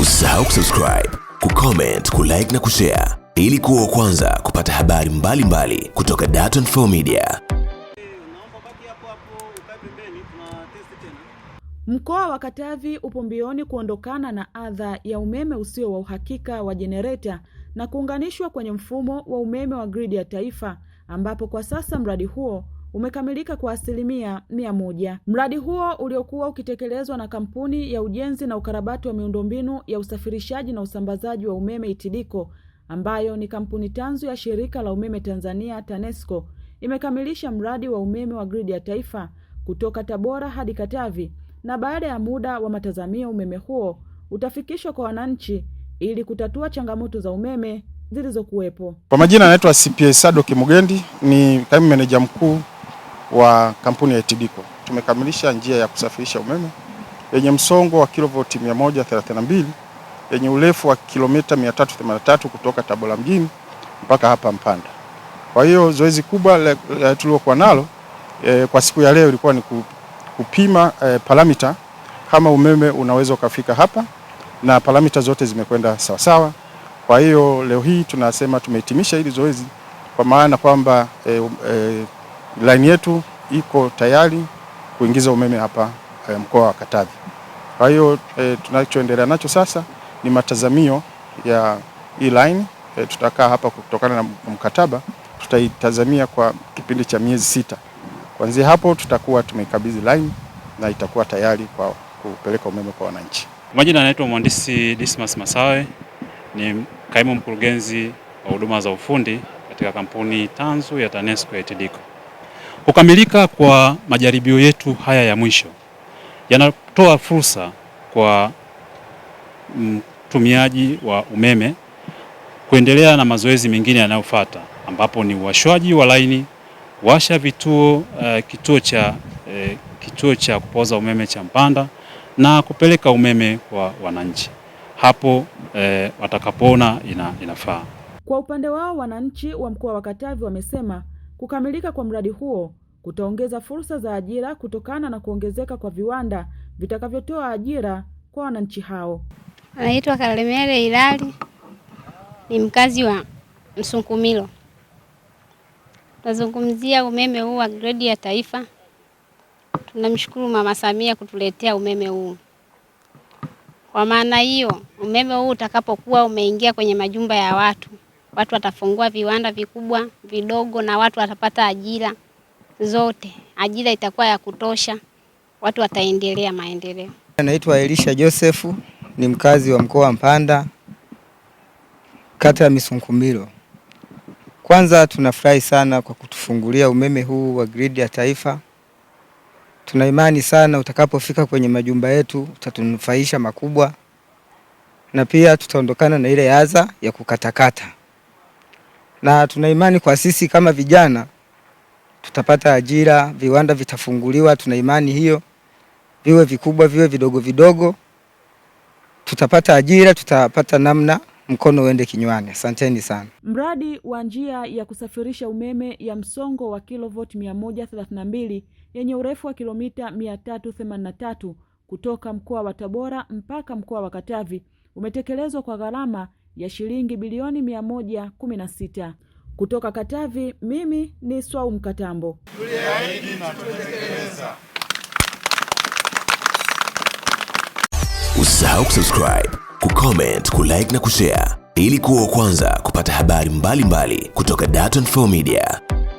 Usisahau kusubscribe, kucomment, kulike na kushare ili kuwa kwanza kupata habari mbalimbali mbali kutoka Dar24 Media. Mkoa wa Katavi upo mbioni kuondokana na adha ya umeme usio wa uhakika wa jenereta na kuunganishwa kwenye mfumo wa umeme wa gridi ya taifa ambapo kwa sasa mradi huo umekamilika kwa asilimia mia moja. Mradi huo uliokuwa ukitekelezwa na kampuni ya ujenzi na ukarabati wa miundombinu ya usafirishaji na usambazaji wa umeme Itidiko, ambayo ni kampuni tanzu ya shirika la umeme Tanzania TANESCO, imekamilisha mradi wa umeme wa gridi ya taifa kutoka Tabora hadi Katavi, na baada ya muda wa matazamio umeme huo utafikishwa kwa wananchi ili kutatua changamoto za umeme zilizokuwepo. Kwa majina anaitwa CPA Sadoki Mugendi, ni kaimu meneja mkuu wa kampuni ya ETDCO tumekamilisha njia ya kusafirisha umeme yenye msongo wa kilovoti 132 yenye urefu wa kilomita 383 kutoka Tabora mjini mpaka hapa Mpanda. Kwa hiyo zoezi kubwa tuliokuwa nalo e, kwa siku ya leo ilikuwa ni kupima e, paramita kama umeme unaweza ukafika hapa na paramita zote zimekwenda sawasawa. Kwa hiyo leo hii tunasema tumehitimisha hili zoezi kwa maana kwamba e, e, Line yetu iko tayari kuingiza umeme hapa e, mkoa wa Katavi. Kwa hiyo e, tunachoendelea nacho sasa ni matazamio ya hii line e, tutakaa hapa kutokana na mkataba, tutaitazamia kwa kipindi cha miezi sita. Kuanzia hapo tutakuwa tumeikabidhi line na itakuwa tayari kwa kupeleka umeme kwa wananchi. Majina anaitwa Mhandisi Dismas Masawe, ni kaimu mkurugenzi wa huduma za ufundi katika kampuni tanzu ya TANESCO ya Kukamilika kwa majaribio yetu haya ya mwisho yanatoa fursa kwa mtumiaji wa umeme kuendelea na mazoezi mengine yanayofuata, ambapo ni uwashwaji wa laini, washa vituo uh, kituo cha uh, kituo cha kupoza umeme cha Mpanda na kupeleka umeme kwa wananchi hapo eh, watakapoona ina, inafaa. Kwa upande wao wananchi wa mkoa wa Katavi wamesema Kukamilika kwa mradi huo kutaongeza fursa za ajira kutokana na kuongezeka kwa viwanda vitakavyotoa ajira kwa wananchi hao. Anaitwa Kalemele ilali ni mkazi wa msunkumilo Tunazungumzia umeme huu wa gredi ya taifa. Tunamshukuru Mama Samia kutuletea umeme huu. Kwa maana hiyo, umeme huu utakapokuwa umeingia kwenye majumba ya watu, watu watafungua viwanda vikubwa vidogo, na watu watapata ajira zote, ajira itakuwa ya kutosha, watu wataendelea maendeleo. Naitwa Elisha Josefu, ni mkazi wa mkoa wa Mpanda, kata ya misunkumiro Kwanza tunafurahi sana kwa kutufungulia umeme huu wa gridi ya taifa. Tuna imani sana utakapofika kwenye majumba yetu utatunufaisha makubwa, na pia tutaondokana na ile adha ya kukatakata na tuna imani kwa sisi kama vijana tutapata ajira, viwanda vitafunguliwa. Tuna imani hiyo, viwe vikubwa viwe vidogo vidogo, tutapata ajira, tutapata namna mkono uende kinywani. Asanteni sana. Mradi wa njia ya kusafirisha umeme ya msongo wa kilovoti 132 yenye urefu wa kilomita 383 kutoka mkoa wa Tabora mpaka mkoa wa Katavi umetekelezwa kwa gharama ya shilingi bilioni 116. Kutoka Katavi, mimi ni Swau Mkatambo. Tuliahidi na tutekeleza. Usisahau kusubscribe, kucomment, kulike na kushare ili kuwa wa kwanza kupata habari mbalimbali mbali kutoka Dar24 Media.